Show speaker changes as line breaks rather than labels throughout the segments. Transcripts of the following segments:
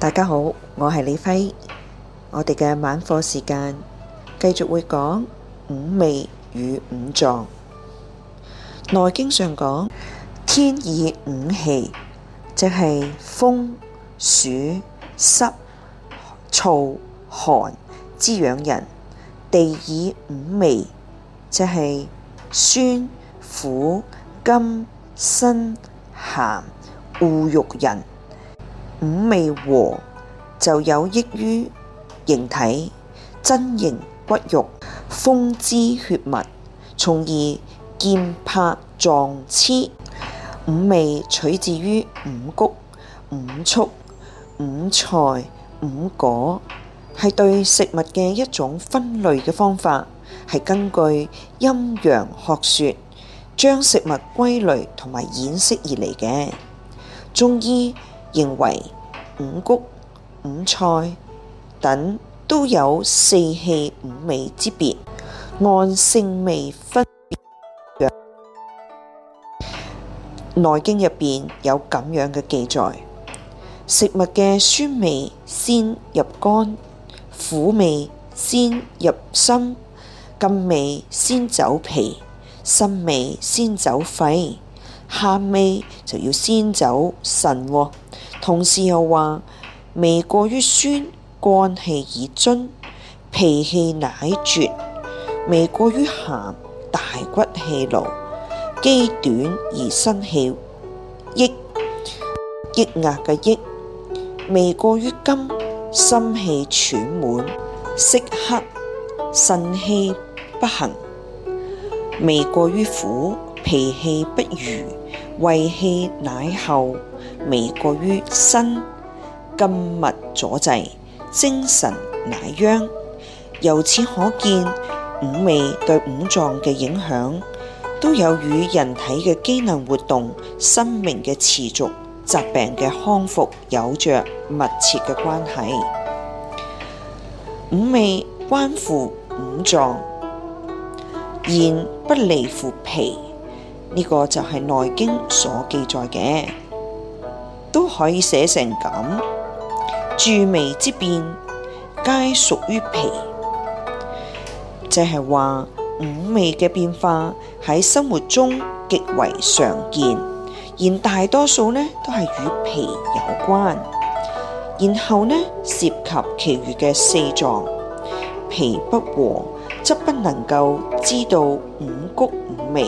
大家好，我係李輝，我哋嘅晚課時間繼續會講五味與五臟。內經上講，天以五氣，即係風、暑、濕、燥、寒滋養人；地以五味，即係酸、苦、甘、辛、鹹護育人。五味和就有益於形體、真形、骨肉、風姿血脈，從而健魄壯痴。五味取自於五穀、五畜、五菜、五果，係對食物嘅一種分類嘅方法，係根據陰陽學說將食物歸類同埋演釋而嚟嘅中醫認為五穀、五菜等都有四氣五味之別，按性味分別。內經入邊有咁樣嘅記載：食物嘅酸味先入肝，苦味先入心，甘味先走脾，辛味先走肺，鹹味就要先走腎，哦。同時又話：味過於酸，肝氣已津；脾氣乃絕。味過於鹹，大骨氣勞，肌短而生氣。抑抑壓嘅抑。味過於甘，心氣喘滿，色黑，腎氣不行。味過於苦。脾氣不濡，胃氣乃厚；味過於辛，筋脈阻滯；精神乃央。由此可見，五味對五臟嘅影響，都有與人體嘅機能活動、生命嘅持續、疾病嘅康復有着密切嘅關係。五味關乎五臟，然不離乎脾。呢個就係《內經》所記載嘅，都可以寫成咁。住味之變皆屬於脾，即係話五味嘅變化喺生活中極為常見，然大多數呢都係與脾有關。然後呢涉及其餘嘅四臟，脾不和，則不能夠知道五穀五味。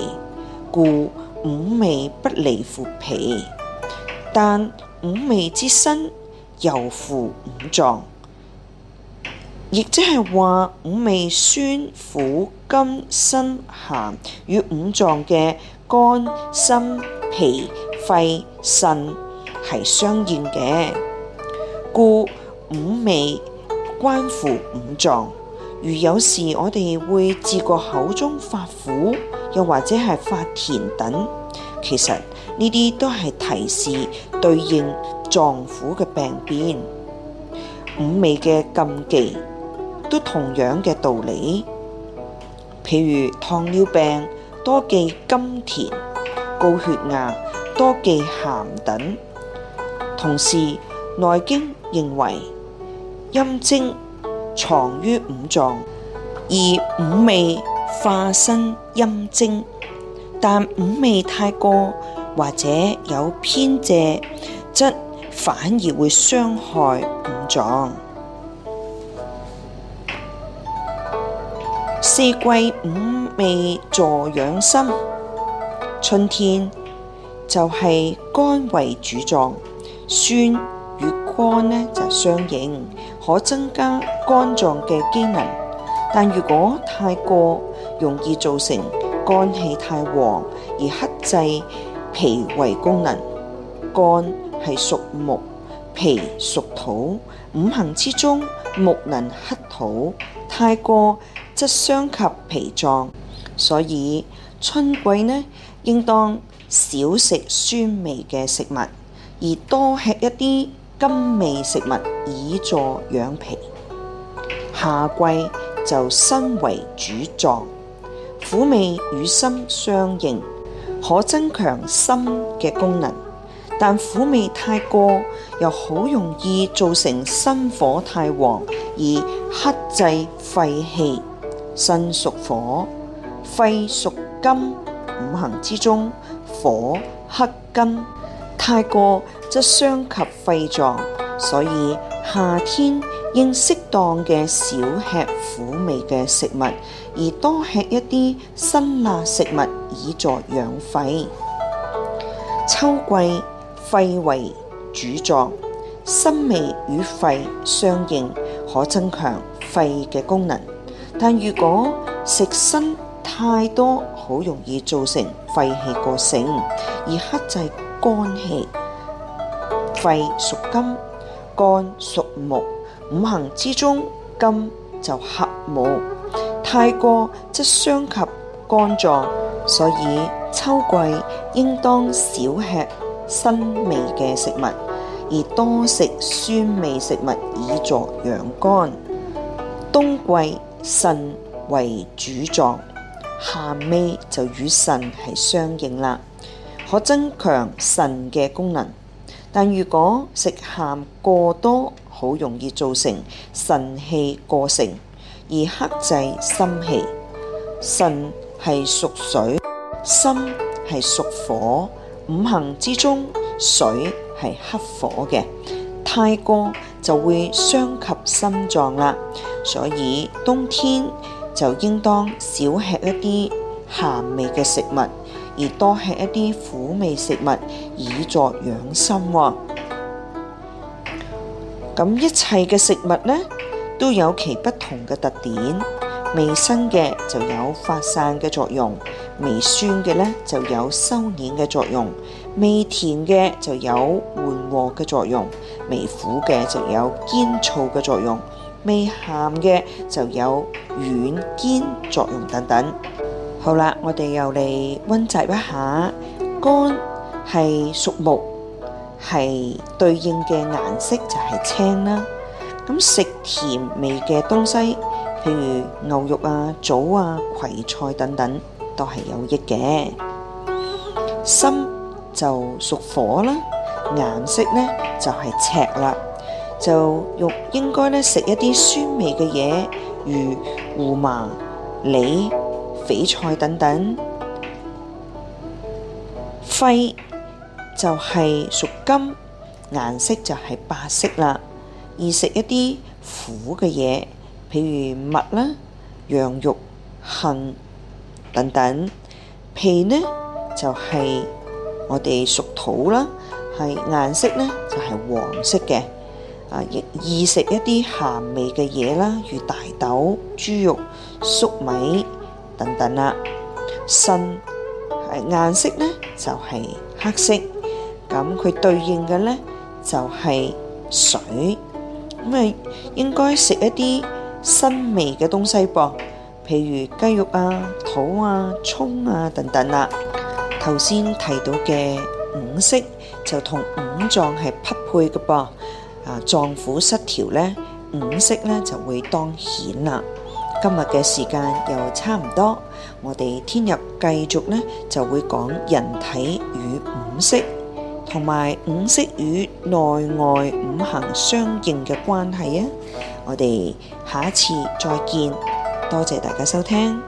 故五味不離乎脾，但五味之身又乎五臟，亦即係話五味酸、苦、甘、辛、鹹與五臟嘅肝、心、脾、肺、腎係相應嘅，故五味關乎五臟。如有時我哋會自覺口中發苦。又或者係發甜等，其實呢啲都係提示對應臟腑嘅病變。五味嘅禁忌都同樣嘅道理。譬如糖尿病多忌甘甜，高血壓多忌鹹等。同時，《內經》認為陰精藏於五臟，而五味。化生陰精，但五味太過或者有偏借，則反而會傷害五臟。四季五味助養生，春天就係肝為主臟，酸與肝呢就相應，可增加肝臟嘅機能。但如果太過，容易造成肝氣太旺而克制脾胃功能。肝係屬木，脾屬土，五行之中木能克土，太過則傷及脾臟。所以春季呢，應當少食酸味嘅食物，而多吃一啲甘味食物以助養脾。夏季就身為主臟。苦味與心相應，可增強心嘅功能，但苦味太過又好容易造成心火太旺而克制肺氣。腎屬火，肺屬金，五行之中，火克金，太過則傷及肺臟。所以夏天應適當嘅少吃苦味嘅食物。而多吃一啲辛辣食物，以助養肺。秋季肺為主臟，辛味與肺相應，可增強肺嘅功能。但如果食辛太多，好容易造成肺氣過盛，而克制肝氣。肺屬金，肝屬木，五行之中金就克木。太過則傷及肝臟，所以秋季應當少吃辛味嘅食物，而多食酸味食物以助養肝。冬季腎為主臟，鹹味就與腎係相應啦，可增強腎嘅功能。但如果食鹹過多，好容易造成腎氣過盛。而克制心氣，腎係屬水，心係屬火，五行之中水係克火嘅，太過就會傷及心臟啦。所以冬天就應當少吃一啲鹹味嘅食物，而多吃一啲苦味食物以作養心。咁一切嘅食物呢，都有其不同嘅特點，味辛嘅就有發散嘅作用，味酸嘅呢就有收斂嘅作用，味甜嘅就有緩和嘅作用，味苦嘅就有堅燥嘅作用，味鹹嘅就有軟堅作用等等。好啦，我哋又嚟溫習一下，肝係屬木，係對應嘅顏色就係青啦。咁食甜味嘅東西，譬如牛肉啊、棗啊、葵菜等等，都係有益嘅。心就屬火啦，顏色呢就係赤啦，就肉應該咧食一啲酸味嘅嘢，如胡麻、李、韭菜等等。肺就係屬金，顏色就係白色啦。易食一啲苦嘅嘢，譬如麥啦、羊肉、杏等等。脾呢就係我哋屬土啦，係顏色呢就係黃色嘅。啊，亦易食一啲鹹味嘅嘢啦，如大豆、豬肉、粟米等等啦。腎係顏色呢就係黑色，咁佢對應嘅呢就係水。咁啊，應該食一啲辛味嘅東西噃，譬如雞肉啊、肚啊、蔥啊等等啦。頭先提到嘅五色就同五臟係匹配嘅噃，啊，臟腑失調咧，五色咧就會當顯啦。今日嘅時間又差唔多，我哋聽日繼續咧就會講人體與五色。同埋五色與內外五行相應嘅關係啊。我哋下一次再見，多謝大家收聽。